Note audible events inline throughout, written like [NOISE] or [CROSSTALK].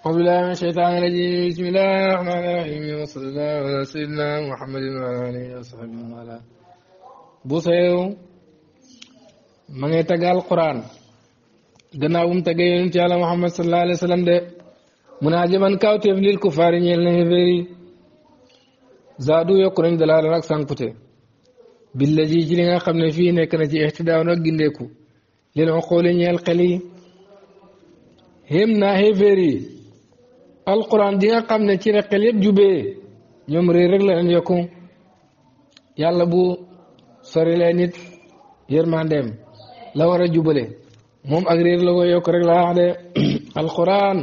أعوذ بالله من الشيطان الرجيم بسم الله الرحمن الرحيم وصلى الله على سيدنا محمد وعلى آله وصحبه وعلى بوسيو ما ngay taggal Alquran gannaaw bu mu tagge Muhammad sallallahu alayhi wa sallam munaajaman kawteef lil kufaar ñeel na xéeféer yi zaadu yokk nañ dalaalan ak sànkute billa ji ci li nga xam ne fii nekk na ci ixtidaaw ak lil xooli ñeel xel yi xéem naa alquran di nga xam ne ci la xel yëpp ñoom réer rek la leen yokku yàlla bu sori lee nit yërmandeem la war a jubale moom ak réer la yokk rek laa wax de [CLEARS THROAT] alquran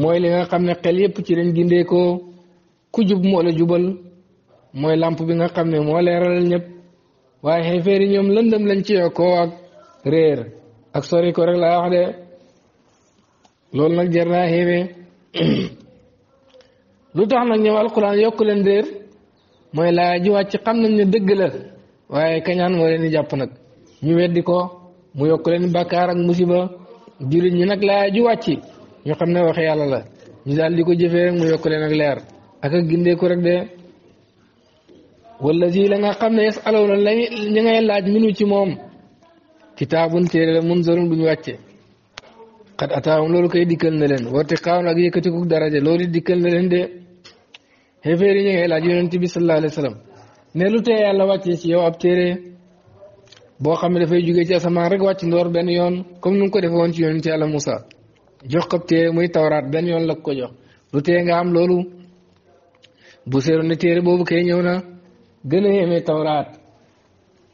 mooy li nga xam ne xel yëpp ci lañ gindee ko ku jub moo la jubal mooy làmp bi nga xam ne moo leeralal ñëpp waaye xeefeer yi ñoom lëndëm lañ ci yokkoo ak réer ak sori ko rek laa wax de loolu nag jar naa lu tax nag ñëw alquran yokk leen réer mooy laaya ji wàcc xam nañ ne dëgg la waaye kañaan moo leen di jàpp nag ñu di ko mu yokk leen bàkkaar ak musiba jullit ñi nag laaya ji ñu xam ne waxe yàlla la ñu daal di ko jëfee mu yokk leen ak leer ak ak gindeeku rek de wala si la nga xam ne yes alow na la ñu ngay laaj minu ci moom kitaabun téere la mun zorum duñu wàcce xat ataawam loolu koy dikkal na leen warti xaawoon ak yëkkatiku daraja loolu dikkal na leen de xefeeri ñu ngay laaj yonent bi sallallahu alayhi wa sallam ne lu tee yàlla wàccee ci yow ab téere boo xam ne dafay jógee ci asamaan rek wàcc ndoor benn yoon comme nu ngi ko defe woon ci yonent yàlla musa jox ko ab téere muy tawraat benn yoon la ko jox lu tee nga am loolu bu seeroon ne téere boobu kay ñëw na gën a yéeme tawraat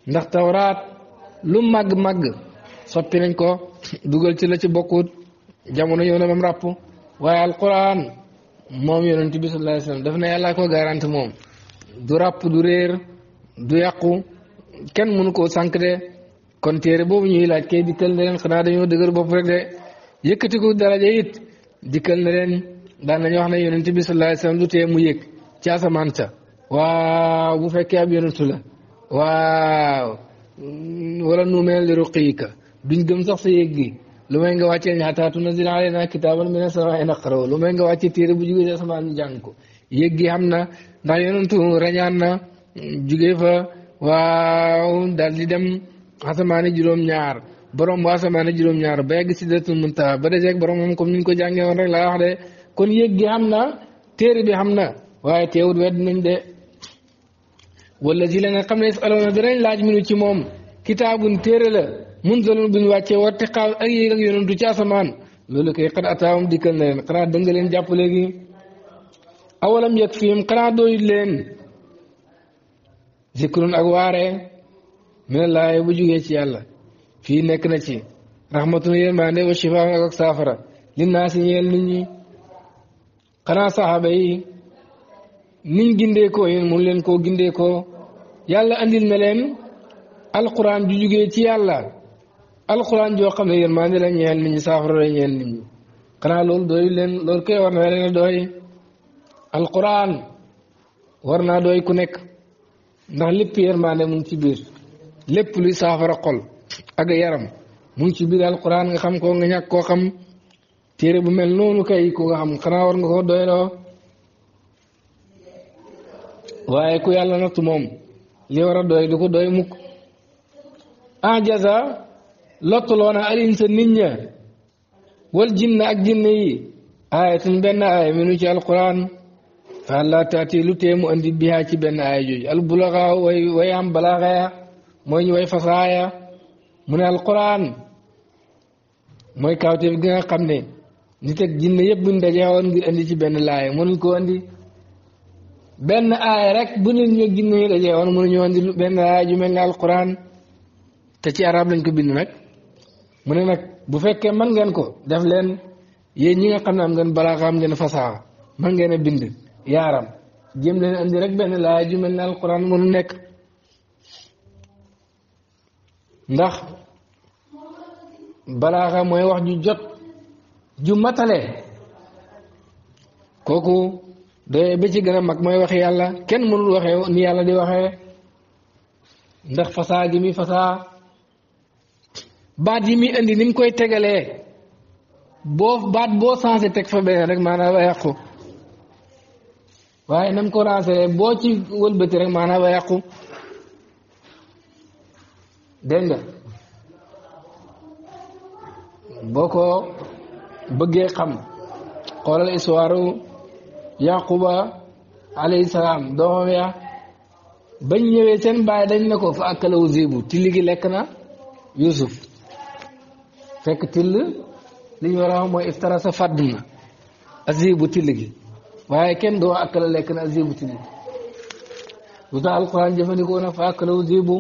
ndax tawraat lu màgg-màgg soppi nañ ko dugal ci la ci bokkut jamono ñëw na ba mu ràpp waaye alquran moom yonent bi sallallahu alayhi wasallam daf na yàlla ko garanti moom du ràpp du réer du yàqu kenn mënu koo sànq de kon téere boobu ñuy laaj kay dikkal na leen xanaa dañoo dëgër bopp rek de yëkkati ko daraja it dikkal na leen daan nañu wax ne yonent bi sallallahu alayhi wasallam du tee mu yëg ci asamaan sa waaw bu fekkee ab yonentu la waaw wala nu mel li ruqiika duñ gëm sax sa yéeg gi lu may nga wàccee ñu xataatu nazil alayna kitaaban mina lu may nga wàccee téere bu na ndax yonentu rañaan na jugee fa waaw daal di dem asamaani juróom-ñaar borom bu asamaani juróom-ñaar ba yegg sidratul muntaha ba deseeg borom moom comme niñ ko jàngee woon rek laa wax de kon yéeg gi na téere bi xam na waaye teewut wedd nañ de wala si la nga ne is aloona danañ laaj minu ci moom kitaabun téere la mun bu ñu wàccee war tiqaaw ak yéeg ak yoonam du ci asamaan loolu kay xat ataawam dikkal na leen xanaa danga jàpp léegi awalam yëg fiim xanaa doyul leen zikrun ak waare mina laaye bu jugee ci yàlla fii nekk na ci rahmatun yërmande wa shifaa ak ak saafara li naa si ñeel nit ñi xanaa saxaaba yi niñ gindeekoo yéen mun leen koo gindeekoo yàlla andil na leen alquran ju jugee ci yàlla alxuraan joo xam ne yërmande la ñeel nit ñi saafara la ñeel nit ñi xanaa loolu doy leen loolu kay war na leen a doy alxuraan war naa doy ku nekk ndax lépp yërmande mu ngi ci biir lépp luy saafara xol ak yaram mu ngi ci biir alxuraan nga xam ko nga ñàkk koo xam téere bu mel noonu kay ku nga xam xanaa war nga ko doyloo waaye ku yàlla nattu moom li war doy du ko doy mukk en lottaloona alinsa nit ña wal jinna ak jinne yi aayatun benn aaya minu ci alquran fa la taati lu tee mu andi bihaa ci benn aaya jooju al bulaga way way am balaga ya mooy ñu way fasaaya mu ne alquran mooy kawte bi nga xam ne nit ak jinne yëpp buñ dajee woon andi ci benn laaya mënuñ ko andi benn ñu andi benn aaya ju mel ne alquran te ci arab lañ ko bind nag mu ne nag bu fekkee man ngeen ko def leen yéen ñi nga xam ne am ngeen balaaxa am ngeen fasaxa man ngeen a bind yaaram jéem leen andi rek benn laaj ju mel ne nekk ndax balaaxa mooy wax ju jot ju matale kooku doy ba ci gën a mag mooy wax yàlla kenn mënul waxee ni yàlla di waxee ndax fasaa gi mi fasaa baat yi muy indi ni koy tegalee boo baat boo sensé teg fa beneen rek maanaam ba yàqu waaye na mu ko ranselee boo ci wëlbati rek maanaam ba yàqu dégg boo ko bëggee xam xoolal histoire yaquba alayhi salaam doomam ya bañ ñëwee seen baay dañ ne ko fa akalawu zibu ci ligi lekk na yusuf fekk till li ñu war a wax mooy iftarasa fàdd na azibu till gi waaye kenn doo akkala lekk na azibu till gi lu tax alquran jëfandikoo na fa akkalawu zibu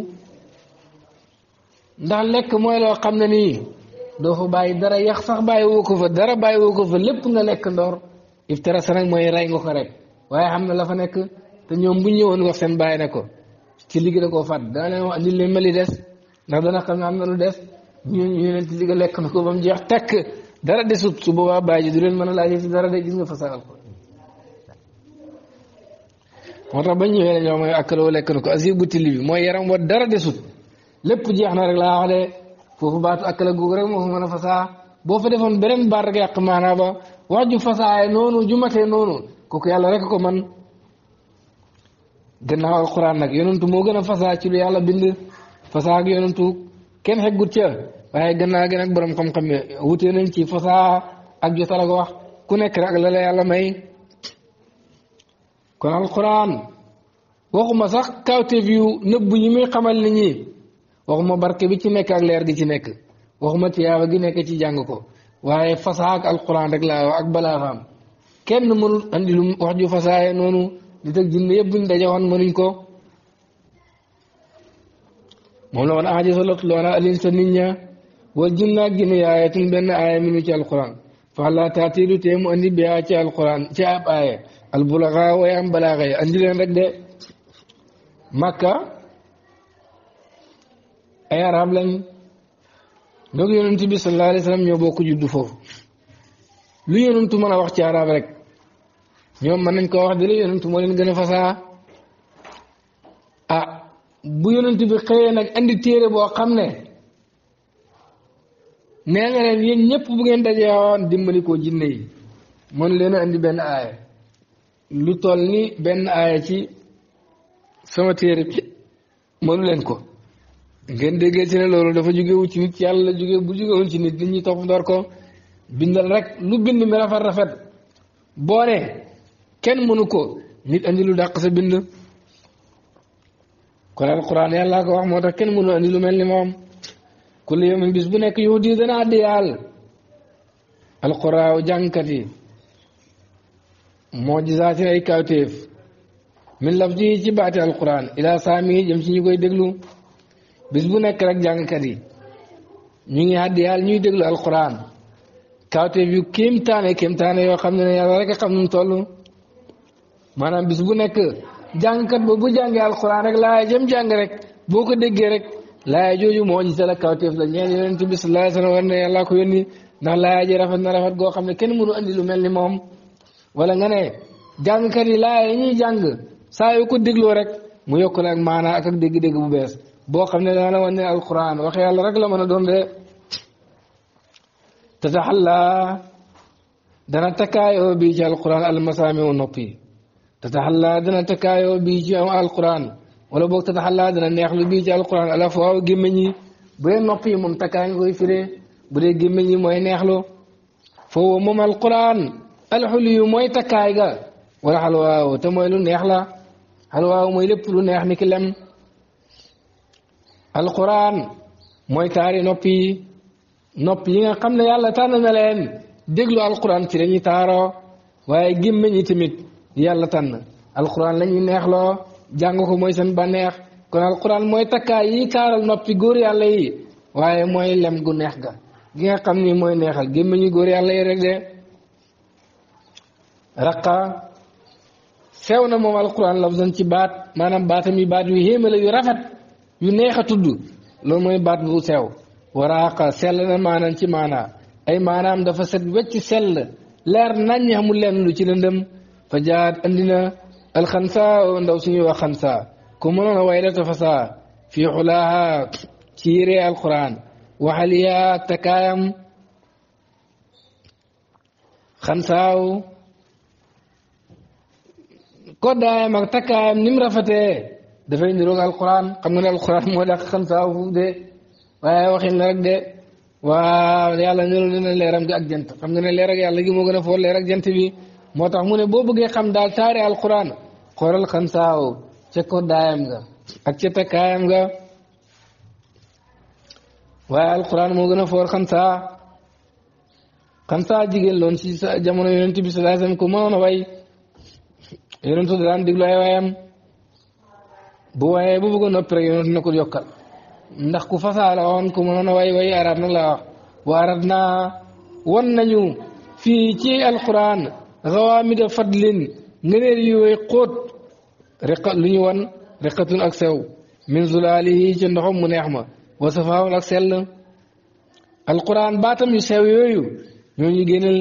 ndax xam ne nii doo fa bàyyi dara yax sax bàyyi woo ko fa dara lépp nga lekk ndoor iftarasa nag mooy rey nga ko rek waaye xam ne la fa nekk te ñoom bu ñëwoon wax seen bàyyi ne ko ci liggéey da ko fàtt dana leen wax andil leen ma li des ndax dana xam ne am na lu des ñooñu yonent li nga lekk na ko ba jeex tekk dara desut su boobaa bàyyi du leen mën a laajee si dara de gis nga fasaal ko moo tax bañ ñëwee dañoo mooy ko asi bu tilli bi mooy yaram wa dara desut lépp jeex na rek laa wax de foofu baatu akkala googu rek fa mën boo fa defoon beneen baat rek yàq maanaa ba wax ju fasaaye noonu ju matee noonu kooku yàlla rekk ko man gannaaw alquran nag yonentu moo gën a fasaa ci lu yàlla bind fasaa ak yonentu kenn xeggut ca waaye gannaa gi nag borom xam-xam yi wute nañ ci fasaa ak jotal ak wax ku nekk rek la la yàlla may kon alquran waxuma sax kawteef yu nëbb yi muy xamal nit ñi waxuma barke bi ci nekk ak leer gi ci nekk waxuma tiyaaba gi nekk ci jàng ko waaye fasaa ak alquran rek laa ak balaa kenn mënul andi lu wax ju fasaayee noonu li teg jinne yëpp buñ daje woon mënuñ ko. moom la woon ahadis la tuloona alinsa nit ña wal jinna ak jinne yaayatun benn aaya minu ci alquran fa la taatidu te mu andi bi ci alquran ci ab aaya albulaga way balaaga yi andi leen rek de makka ay arab lañ donc yonent bi sallallahu alayhi wa ñoo bokk juddu foofu lu yonentu mën a wax ci arab rek ñoom mën nañ koo wax de la yonentu moo leen gën a fasaa ah, bu yonent bi xëyee nag andi téere boo xam ne nee nga leen yéen ñëpp bu ngeen dajee woon dimbali ko jinne yi mën leen a andi benn aaya lu toll ni benn aaya ci sama téere bi mënu leen ko ngeen déggee ci ne loolu dafa jógewu ci nit yàlla la jóge bu jógewul ci nit nit ñi topp ndor ko bindal rek lu bind mi rafet rafet boore kenn mënu ko nit indi lu dàq sa bind kon alquran yàllaa ko wax moo kenn mënu andi lu mel ni moom kulli yawmin bis bu nekk yow di dana addi yàll alquraaw jàngkat yi moo gisaatin ay kawtéef min laf ji ci baati alquran ila saami jëm ci ñu koy déglu bis bu nekk rek jàngkat yi ñu ngi addi yàll ñuy déglu alquran kawtéef yu kéemtaane kéemtaane yoo xam ne ne yàlla rek a xam nu mu toll maanaam bis bu jàngkat ba bu jàngee alquran rek laaya jëm jàng rek boo ko déggee rek laaya jooju moo ñu sala kawteef la ñeen yonent bi sallallahu alayhi wa sallam war na yàlla ko yónni ndax laaya na rafet goo xam ne kenn mënu andi lu mel ni moom wala nga ne jàngkat yi laaya yi ñuy jàng saa yu ko dégloo rek mu yokk la ak maanaa ak ak dégg-dégg bu bees boo xam ne daana wan ne alquran wax rek la mën a doon de tataxalla dana takkaayoo bii ci alquran almasaami wu noppi tataxallaa dana takkaayoo bii ci alquran wala boog tataxallaa dana neexlu bii ci alquran ala foo gémmiñ yi bu dee nopp yi moom takkaay nga koy mooy neexlu foofu moom alquran alxuliyu mooy takkaay ga wala xalwaaw te mooy lu neex la xalwaaw mooy lépp lu neex ni ki lem alquran mooy taari nopp yi nopp yi nga xam ne yàlla tànn na leen déglu alquran ci dañuy taaroo waaye gémmiñ yi tamit yàlla tànn alquran la ñuy neexloo jàng ko mooy seen bànneex kon alquran mooy takkaay yi taaral noppi góor yàlla yi waaye mooy lem gu neex ga gi nga xam ni mooy neexal gémmiñu góor yàlla yi rek de raqa sew na moom alquran ci baat maanaam baatam yi baat yu rafet yu neex a tudd loolu mooy baat bu sew waraaqa sell na maanaam ci maanaa ay maanaam dafa set wecc sell leer naññ amul lenn lu ci lëndëm fa jaat andi na alxansaa ndaw suñuy wax xansaa ku mënoon a way la tafasaa fii xulaaha ci yëree alquran waxaliyaa takaayam xansaaw koddaayam ak takkaayam ni mu rafetee dafay niroog alquran xam nga ne alquran moo dàq xansaaw fu de waaye waxin la rek de waaw yàlla niroo dina leeram gi ak jant xam nga ne leer ak yàlla gi moo gën a foor leer ak jant bi moo tax mu ne boo bëggee xam daal taari alquran xoolal xam saaw ca ko daayam ga ak ca takkaayam ga waaye alquran moo gën a foor xam saa xam jigéen loon si sa jamono yonent bi sallallahu alayhi wasallam ko mënoon a way yonentu daan diglu ay bu waayee bu bëggoon noppi rek na ko yokkal ndax ku fasaa la ku mënoon a way way arab nag wax wa wan nañu fii ci alquran غوامد فضل نير يوي قوت رق لوني وان رقتن اك سيو من زلاله جنهم منيحما وصفاو اك سيل القران باتم يسيو يوي نيو ني генل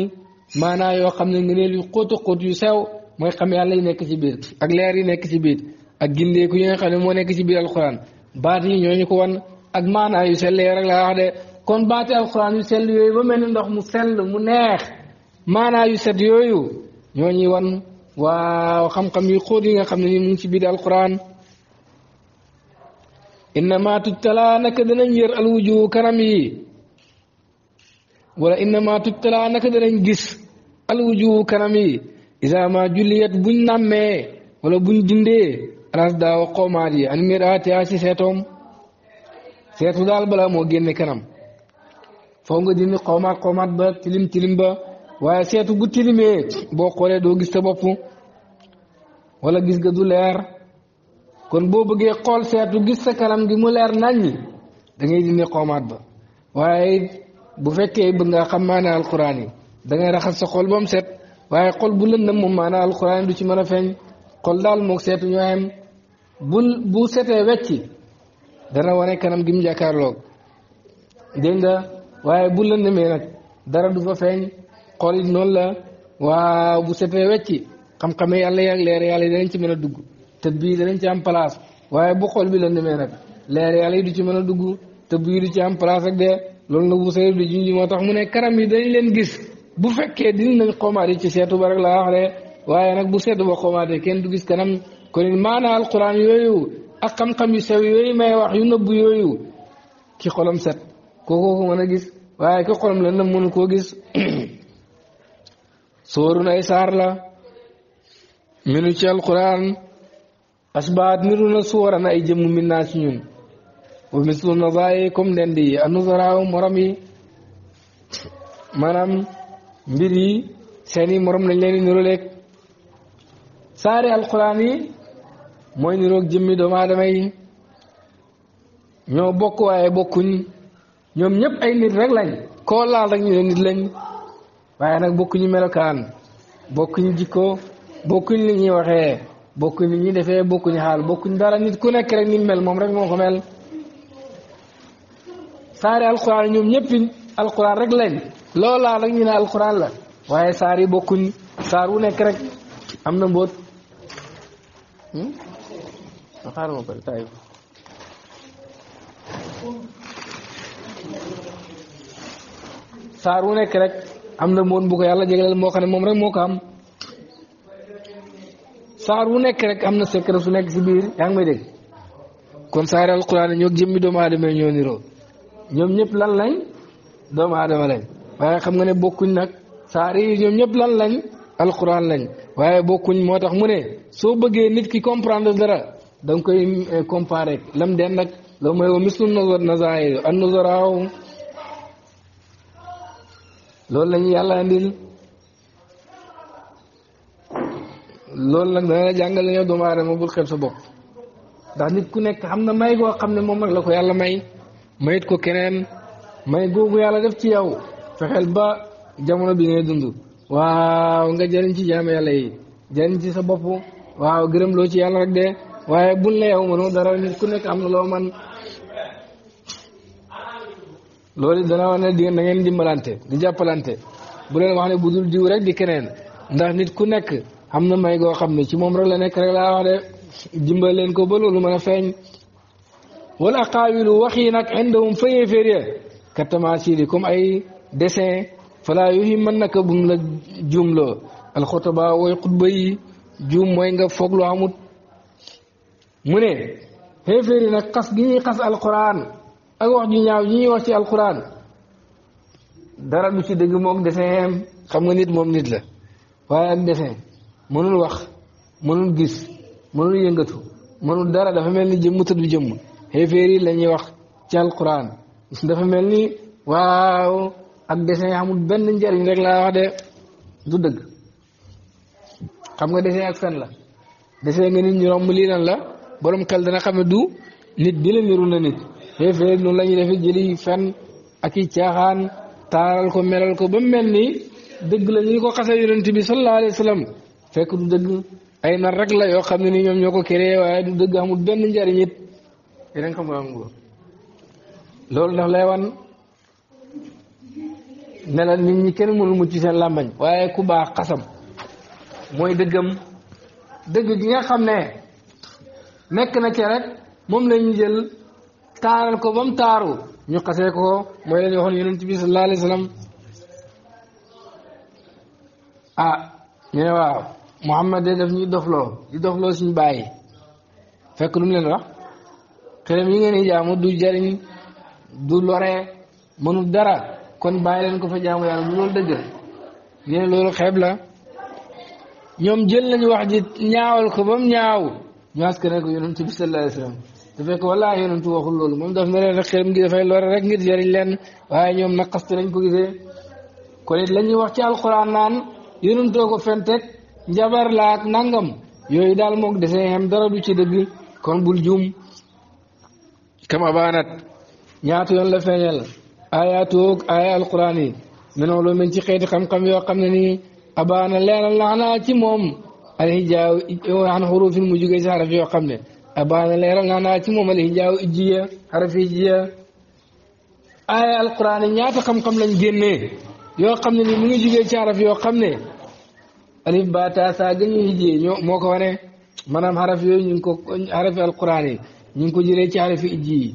مانا يو خامن نير يوي قوت قوت يسيو موي خام يالا نيك سي بيت اك لير يي نيك مو نيك سي القران بات يي نيو ني كو وان اك كون باتي القران يسيل يوي بو مين ندوخ مو maanaa yu set yooyu ñoo ñuy wan waaw xam-xam yu xóot yi nga xam ne ni mu ngi ci biir alquran innama tujtala naka danañ yër alwuju kanam yi wala innama tujtala naka danañ gis alwuju kanam yi isa julliyat buñ nàmmee wala buñ dindee ras daaw xoomaat yi an miraati seetoom seetu daal bala moo génne kanam foo dindi xoomaat xoomaat ba tilim tilim ba waaye seetu bu tilimee boo xoolee doo gis sa bopp wala gis ga du leer kon boo bëggee xool seetu gis sa kanam gi mu leer naññi da ngay dindi xoomaat ba waaye bu fekkee bëgg nga xam maanaa alquran yi da ngay raxas sa xol ba mu set waaye xol bu lëndëm moom maanaa alquran du ci man a feeñ xol daal moog seetu ñoo bul bu bu setee wecci dana wane kanam gi mu jàkkaarloog dégg nga waaye bu lëndëmee nag dara du feeñ. xol it noonu la waaw bu xam-xame yàlla yàgg leer yàlla yi danañ ci mën a dugg tëb yi danañ ci am place waaye bu xol bi la demee nag leer yàlla yi du ci mën a dugg tëb yi du ci am place ak de loolu la bu saytu di moo tax mu ne karam yi dañ leen gis bu fekkee dinañ nañ xomaat yi ci seetu ba rek waaye nag bu seetu ba xomaatee kenn du gis kanam kon it maanaa alquran yooyu ak xam-xam yu sew yooyu may wax yu nëbbu yooyu ci xolam set kooku ko mën a gis waaye ki xolam la nëb mënu koo gis. sóorun ay saar la minu ci alquran asbaat niru na sóoran ay jëmm min naa ci ñun wa mislu nazayi comme nen di anuzaraaw morom yi maanaam mbir yi seeni morom lañ leen di niruleeg saari alquran yi mooy niroog jëmmi doomu aadama yi ñoo bokk waaye bokkuñ ñoom ñëpp ay nit rek lañ koo laal rek ñu ne waaye nag bokkuñu melokaan bokkuñu jikko bokkuñ li ñuy waxee bokkuñ ñuy defee bokkuñu xaal bokkuñ dara nit ku nekk rek ni mel moom rek moo ko mel saari alquran ñoom ñëpp alquran rek lañ loolaa rek ñu ne alquran la waaye saar yi bokkuñ nekk rek am na mbóot hmm? saar wu nekk rek am na moon bu ko yàlla jagleel moo xam ne moom rek moo ko am saar wu nekk rek am na secret su nekk si biir yaa ngi may dégg kon saari alquran ñoo jëmmi doomu aadama yi ñoo ñoom ñëpp lan lañ doomu aadama lañ waaye xam nga ne bokkuñ nag saari yi ñoom ñëpp lan lañ alquran lañ waaye bokkuñ moo tax mu ne soo bëggee nit ki comprendre dara da nga koy eh, comparer lam den nag loo mooy wa mislu nazar nazaayir an nazaraaw loolu la ñu yàlla andil loolu nag la jàngal la ñoo doomu aadama bul xel sa bopp ndax nit ku nekk am na may goo xam ne moom nag la ko yàlla may mayit ko keneen may googu yàlla def ci yaw fexeel ba jamono bi ngay dund waaw nga jëriñ ci jaam yàlla yi jëriñ ci sa bopp waaw gërëm loo ci yàlla de waaye buñ la yow mënoo dara nit ku nekk am na loo loolu dana wax ne di na ngeen dimbalante di jàppalante bu leen wax ne bu dul diw rek di keneen ndax nit ku nekk am na may goo xam ne ci moom rek la nekk rek la wax de dimbal leen ko ba loolu mën a feeñ wala xaawilu wax yi nag indahum fa inférieur katamaasili comme ay dessin falaa yu mën naka bum la juumloo alxutaba wooy xutba yi juum mooy nga foog lu amut mu ne xéeféeri nag xas gi ñuy xas alquran ak wax ju ñaaw yi ñuy wax ci alquran dara du ci dëgg moom desin xam nga nit moom nit la waaye ak desin mënul wax mënul gis mënul yëngatu mënul dara dafa mel ni jëmmut tëdd jëmm la ñuy wax ci dafa mel ni waaw ak desin xamul benn njariñ du dëgg xam nga desin ak fen la desin nga nit ñu romb lii lan la borom xel dana xam ne du nit bi la niru na nit féeféer noonu la ñuy defee jëli fen ak i caaxaan taaral ko melal ko ba mel ni dëgg la ñu ko xasee yonent bi sallallahu alayhi wa sallam fekk du dëgg ay nar rek la yoo xam ne ni ñoom ñoo ko créé waaye du dëgg amul benn njariñ it yeneen xam loolu ndax lay wan ne la nit ñi kenn mënul mucc seen làmbañ waaye ku baax xasam mooy dëggam dëgg gi xam ne nekk na ci rek moom la jël. taaral ko ba mu taaru ñu xasee ko mooy lañu waxoon yonent bi sallallahu alayhi wa sallam ah ñu ne waaw Muhammad de daf dofloo dofloo suñu bàyyi fekk mu leen wax xerem yi ngeen di du jariñ du lore mënul dara kon bàyyi leen ko fa jaamu yàlla bu loolu dëgg ñu ne loolu xeeb la ñoom jël nañu wax ji ñaaw ko ba mu ñaaw ñu askane ko yonent bi sallallahu alayhi wa su fekk wallaahi yonentu waxul loolu moom daf ne leen rek xelam gi dafay lore rek ngir jëriñ leen waaye ñoom nag xaste lañ ko gisee kon it la ñuy wax ci alquran naan yonentoo ko fenteg njabar laat nangam yooyu daal moog desee xam dara du ci dëgg kon bul juum kam abaanat ñaata yoon la feeñal ayatoog aya alquran yi menoo loo men ci xeeti xam-xam yoo xam ne nii abaana leeral laxnaa ci moom alhijaaw an xurufin mu jugee si xaraf yoo xam ne abaana leeral naa naa ci moom al hijaaw ijjiya xaraf ijjiya aaya alquran yi ñaata xam-xam lañ génnee yoo xam ne ni mu ngi jugee ci xaraf yoo xam ne alif ba taa saa gën ñu moo ko wane maanaam xaraf yooyu ñu ngi ko xarafi alquran yi ñu ngi ko jëlee ci xarafi ijji yi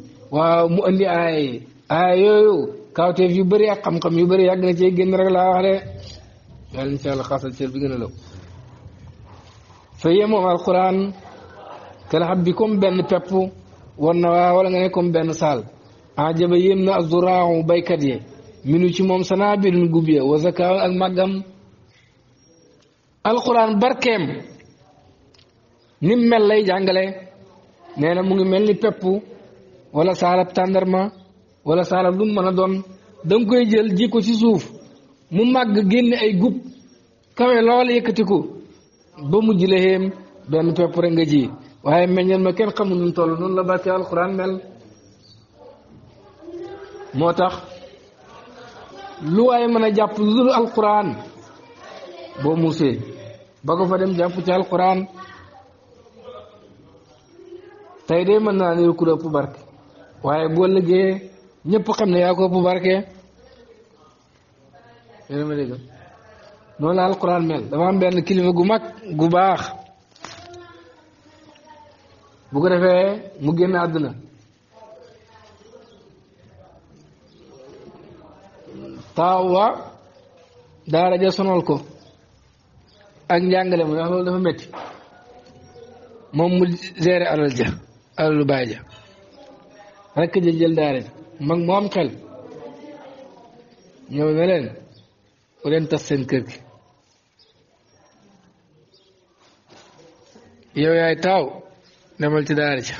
mu andi aaya yi aaya yooyu kawteef yu bari ak xam-xam yu bari yàgg na cee génn rek laa wax de yàlla allah xasal cër bi gën a law fa yee moom alquran kalaxab bi comme benn pepp war na waa wala nga ne comme benn saal ajaba yéem na azuraahu baykat yi minu ci moom sanaa birin gub ya wa zakaaw ak màggam alquran barkeem nim mel lay jàngale nee na mu ngi mel ni pepp wala saalab tàndarma wala saalab lu mu mën a doon da koy jël ji ci suuf mu màgg génne ay gub kawe lool yëkkati ko ba mujj la benn pepp rek nga ji waaye meññal ma kenn xamul nu toll noonu la barke alxuraan mel moo tax lu waaye mën a jàpp lu dul alxuraan boo muusee ba ko fa dem jàpp ci alxuraan tey de mën naa niru ku ëpp barke waaye boo liggéeyee ñëpp xam ne yaa ko ëpp barke yéen ma noonu la alxuraan mel dafa am benn kilifa gu mag gu baax bu ko defee mu génn àdduna taaw wa daara ja sonal ko ak njàngale ma ndax loolu dafa métti moom mu gérer alal ja alalu baay ja rekk ja jël daara ja mag xel ñëw ne leen bu leen tas seen kër gi yow yaay taaw demal ci daara ci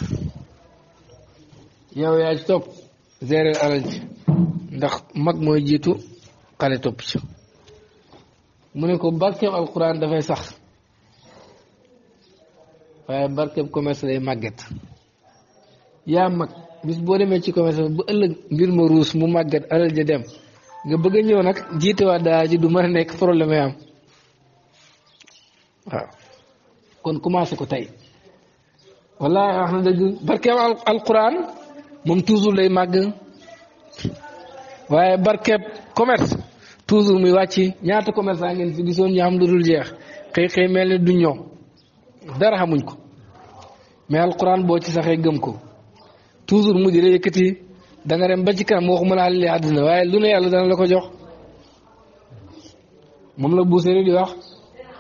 yow yaa ci topp gérer alal ci ndax mag mooy jiitu xale topp ci mu ne ko barkeeb alquran dafay sax waaye barkeeb commerce lay màgget yaa mag bis boo demee ci commerce bu ëllëg mbir ma ruus mu màgget alal ja dem nga bëgg a ñëw nag jiitewaat daa ji du mën a nekk problème am waaw kon commencé ko tey wallahi wax na dëgg barkeeb alquran moom toujours lay màgg waaye barkeeb commerce toujours muy wàcc ñaata commerçant ngeen fi gisoon ñu am lu dul jeex xëy xëy mel ni du ñoom dara xamuñ ko mais alquran boo ci saxee gëm ko toujours mu di la yëkkati da dem ba ci kanam waxuma laa li àddina waaye lu ne yàlla dana la ko jox moom la buusari di wax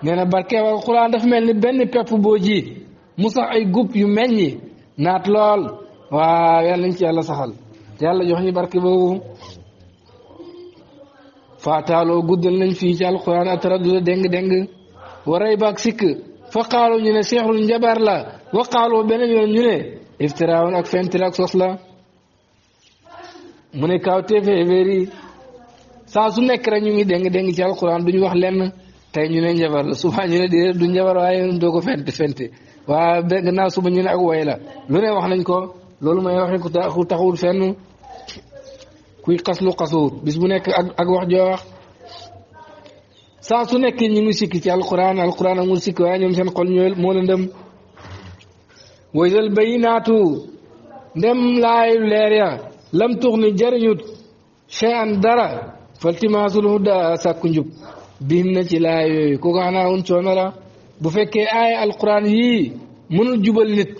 nee na barkeeb alquran dafa mel ni benn pepp boo mu sax ay gub yu meññi naat lool waaw yàlla nañ ci yàlla saxal yàlla jox ñu barke boobu faataaloo guddal nañ fii ci alquran ataraduda déng-déng waray baak sikk fa xaaloo ñu ne seexul njabar la wa xaaloo beneen yoon ñu ne iftiraawoon ak fentir ak sos la mu ne kaw téefevéeri saa su nekk rek ñu ngi deng déng ci alquran duñu wax lenn tey ñu ne njabar la souvent ñu ne déedéet du njabar waaye doo ko fent fente waaw gannaaw suba ñu ne ak woy la lu ne wax nañ ko loolu mooy waxi ku taxul fenn kuy xaslu xasuur bis bu nekk ak ak wax joo wax su nekk ñu ngi sikki ci alquran alquran amul sikki waaye ñoom seen xol ñoo moo la ndëm waysal bayinaatu ndem laayu leer lam tux ni jëriñut chean dara faltimaasul huda sàkku njub biim na ci laay yooyu kooku xanaa un coono la bu fekkee aaya alquran yii mënul jubal nit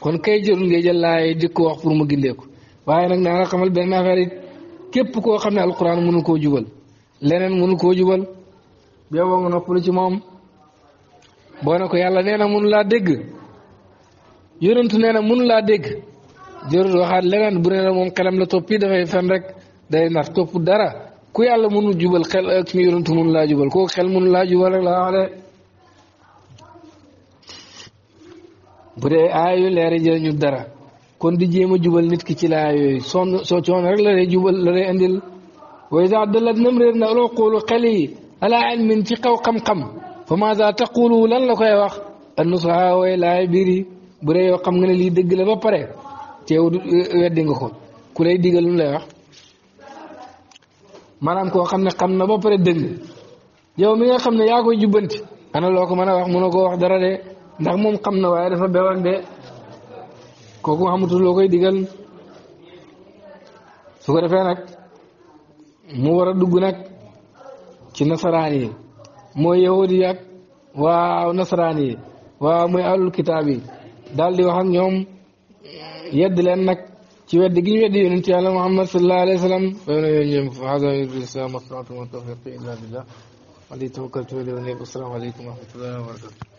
kon kay jërul ngay jël laay di ko wax pour mu gindeeku waaye nag naa la xamal benn affaire képp koo xam ne alquran mënul koo jubal leneen mënul koo jubal bee boo nga ci moom boo ne ko yàlla nee na mënu laa dégg yonentu nee na mënu laa dégg jërul waxaat leneen bu ne la moom xelam la topp yi dafay fen rek day nar topp dara ku yàlla mënul jubal xel ak ku yonantu laa jubal kooku xel mënul laa jubal rek laa ñu dara kon di jéem a jubal nit ki ci laa yooyu soo coon rek la lay jubal la lay andil ci kaw xam-xam fa lan la koy wax an nusra lii dëgg pare teew ko ku lay digal lu lay maanaam koo xam ne xam na ba pare dëng yow mi nga xam ne yaa koy jubbanti ana loo ko mën a wax mënoo koo wax dara de ndax moom xam na waaye dafa bewag de kooku xamutul loo koy digal su ko defee nag mu war a dugg nag ci nasaraan yi mooy yahudi waaw nasaraan yi waaw muy alul kitaab yi daal di wax ak ñoom yedd leen nag ci wedd gi ñu weddi yonent yàlla Muhammad sallallahu alayhi wa sallam fay na yoon ñëm hada yudrisa mastatuma tawfiqi illa billah alayhi tawakkaltu wa ilayhi unib assalaamu alaykum wa rahmatullahi wa barakatuh